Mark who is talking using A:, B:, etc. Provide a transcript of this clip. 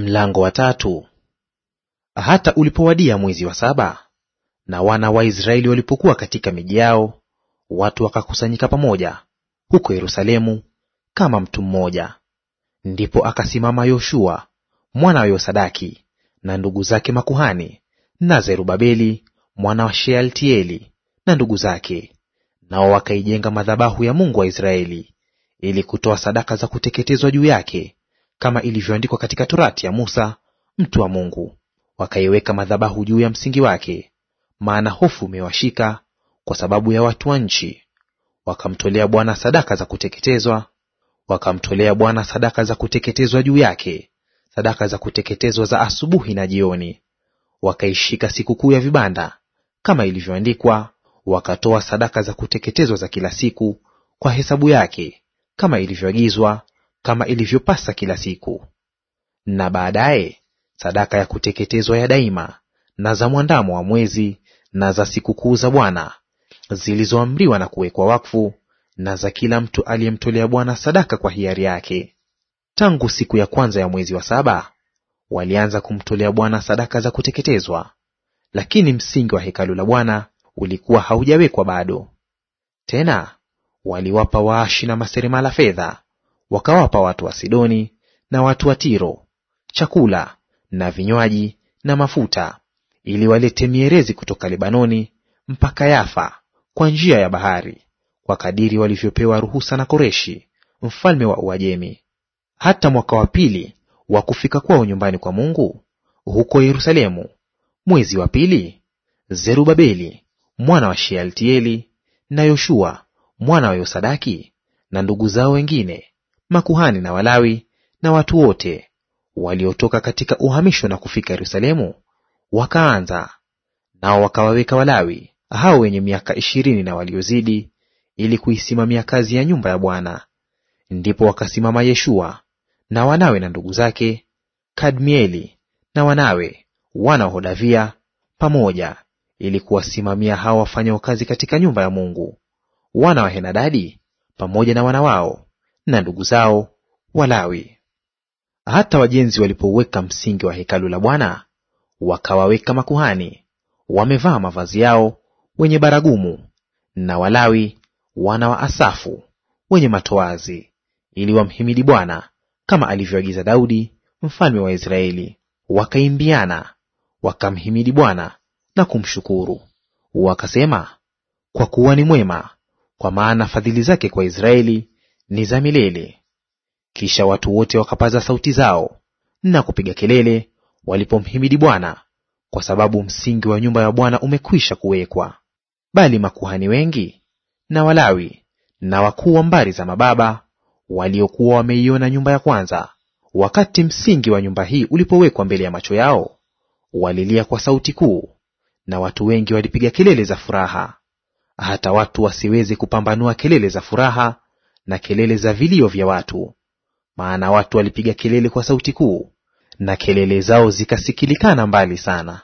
A: Mlango wa tatu. Hata ulipowadia mwezi wa saba, na wana wa Israeli walipokuwa katika miji yao, watu wakakusanyika pamoja huko Yerusalemu kama mtu mmoja. Ndipo akasimama Yoshua mwana wa Yosadaki na ndugu zake makuhani na Zerubabeli mwana wa Shealtieli na ndugu zake, nao wakaijenga madhabahu ya Mungu wa Israeli ili kutoa sadaka za kuteketezwa juu yake kama ilivyoandikwa katika Torati ya Musa mtu wa Mungu. Wakaiweka madhabahu juu ya msingi wake, maana hofu imewashika kwa sababu ya watu wa nchi. Wakamtolea Bwana sadaka za kuteketezwa, wakamtolea Bwana sadaka za kuteketezwa juu yake, sadaka za kuteketezwa za asubuhi na jioni. Wakaishika sikukuu ya vibanda kama ilivyoandikwa, wakatoa sadaka za kuteketezwa za kila siku kwa hesabu yake, kama ilivyoagizwa kama ilivyopasa kila siku, na baadaye sadaka ya kuteketezwa ya daima na za mwandamo wa mwezi na za sikukuu za Bwana zilizoamriwa na kuwekwa wakfu na za kila mtu aliyemtolea Bwana sadaka kwa hiari yake. Tangu siku ya kwanza ya mwezi wa saba walianza kumtolea Bwana sadaka za kuteketezwa, lakini msingi wa hekalu la Bwana ulikuwa haujawekwa bado. Tena waliwapa waashi na maseremala fedha wakawapa watu wa Sidoni na watu wa Tiro chakula na vinywaji na mafuta, ili walete mierezi kutoka Lebanoni mpaka Yafa kwa njia ya bahari, kwa kadiri walivyopewa ruhusa na Koreshi mfalme wa Uajemi. Hata mwaka wa pili wa kufika kwao nyumbani kwa Mungu huko Yerusalemu, mwezi wa pili, Zerubabeli mwana wa Shealtieli na Yoshua mwana wa Yosadaki na ndugu zao wengine makuhani na Walawi na watu wote waliotoka katika uhamisho na kufika Yerusalemu wakaanza nao, wakawaweka Walawi hao wenye miaka ishirini na waliozidi ili kuisimamia kazi ya nyumba ya Bwana. Ndipo wakasimama Yeshua na wanawe na ndugu zake, Kadmieli na wanawe wana wa Hodavia pamoja, ili kuwasimamia hao wafanyao kazi katika nyumba ya Mungu. Wana wa Henadadi pamoja na wana wao na ndugu zao Walawi. Hata wajenzi walipouweka msingi wa hekalu la Bwana, wakawaweka makuhani wamevaa mavazi yao, wenye baragumu, na Walawi wana wa Asafu wenye matoazi, ili wamhimidi Bwana kama alivyoagiza Daudi mfalme wa Israeli. Wakaimbiana wakamhimidi Bwana na kumshukuru, wakasema, kwa kuwa ni mwema, kwa maana fadhili zake kwa Israeli ni za milele. Kisha watu wote wakapaza sauti zao na kupiga kelele walipomhimidi Bwana, kwa sababu msingi wa nyumba ya Bwana umekwisha kuwekwa. Bali makuhani wengi na Walawi na wakuu wa mbari za mababa waliokuwa wameiona nyumba ya kwanza, wakati msingi wa nyumba hii ulipowekwa mbele ya macho yao, walilia kwa sauti kuu, na watu wengi walipiga kelele za furaha, hata watu wasiweze kupambanua kelele za furaha na kelele za vilio vya watu. Maana watu walipiga kelele kwa sauti kuu, na kelele zao zikasikilikana mbali sana.